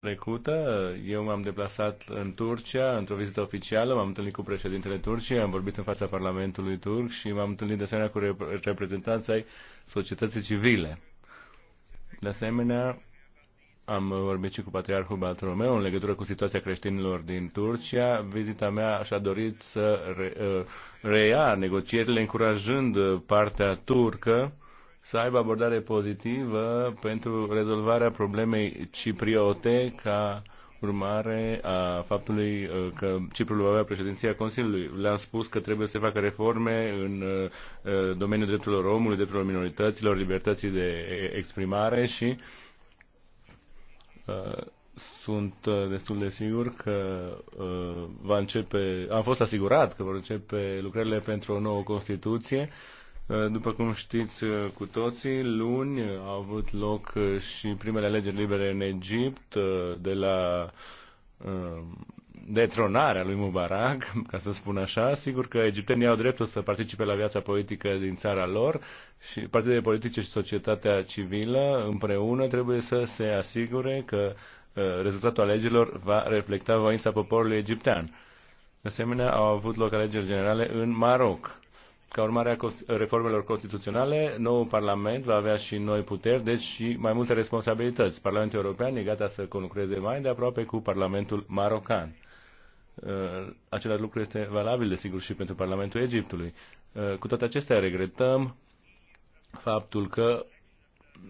trecută eu m-am deplasat în Turcia într-o vizită oficială, m-am întâlnit cu președintele Turciei, am vorbit în fața Parlamentului turc și m-am întâlnit de asemenea cu reprezentanții ai societății civile. De asemenea, am vorbit și cu Patriarhul Bartolomeu în legătură cu situația creștinilor din Turcia. Vizita mea și-a dorit să re, uh, reia negocierile încurajând partea turcă să aibă abordare pozitivă pentru rezolvarea problemei cipriote ca urmare a faptului uh, că Ciprul va avea președinția Consiliului. Le-am spus că trebuie să se facă reforme în uh, uh, domeniul drepturilor omului, drepturilor minorităților, libertății de exprimare și sunt destul de sigur că va începe, am fost asigurat că vor începe lucrările pentru o nouă Constituție Uh, după cum știți uh, cu toții, luni au avut loc uh, și primele alegeri libere în Egipt de la detronarea lui Mubarak, ca să spun așa. Sigur că egiptenii au dreptul să participe la viața politică din țara lor și partidele politice și societatea civilă împreună trebuie să se asigure că rezultatul alegerilor va reflecta voința poporului egiptean. De asemenea, au avut loc alegeri generale în Maroc ca urmare a reformelor constituționale, noul Parlament va avea și noi puteri, deci și mai multe responsabilități. Parlamentul European e gata să conlucreze mai de aproape cu Parlamentul Marocan. Uh, același lucru este valabil, desigur, și pentru Parlamentul Egiptului. Uh, cu toate acestea, regretăm faptul că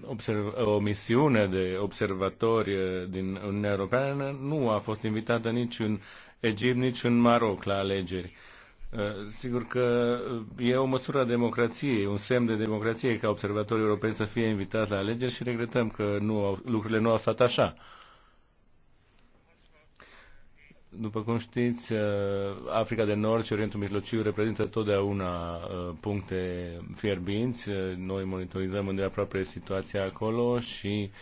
observ- o misiune de observatori uh, din Uniunea Europeană nu a fost invitată nici în Egipt, nici în Maroc la alegeri. Eh, sigur că eh, e o măsură a democrației, un semn de democrație ca observatorii europeni să fie invitați la alegeri și regretăm că nu au, lucrurile nu au stat așa. După cum știți, eh, Africa de Nord și Orientul Mijlociu reprezintă totdeauna puncte fierbinți. Noi monitorizăm îndeaproape situația acolo și uh,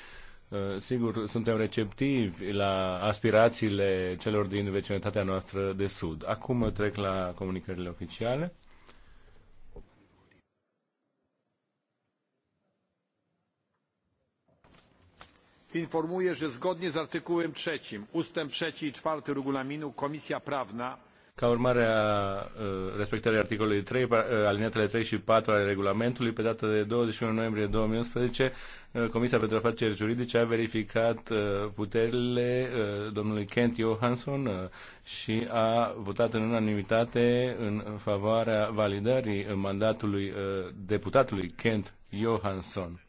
Uh, sigur, suntem receptivi la aspirațiile celor din vecinătatea noastră de sud. Acum trec la comunicările oficiale. informuję że zgodnie z artykułem 3, ustęp trzy i cztery regulaminu komisja prawna ca urmare a uh, respectării articolului 3, uh, alinatele 3 și 4 ale regulamentului, pe data de 21 noiembrie 2011, uh, Comisia pentru Afaceri Juridice a verificat puterile domnului Kent Johansson și a votat în unanimitate în favoarea validării mandatului deputatului Kent Johansson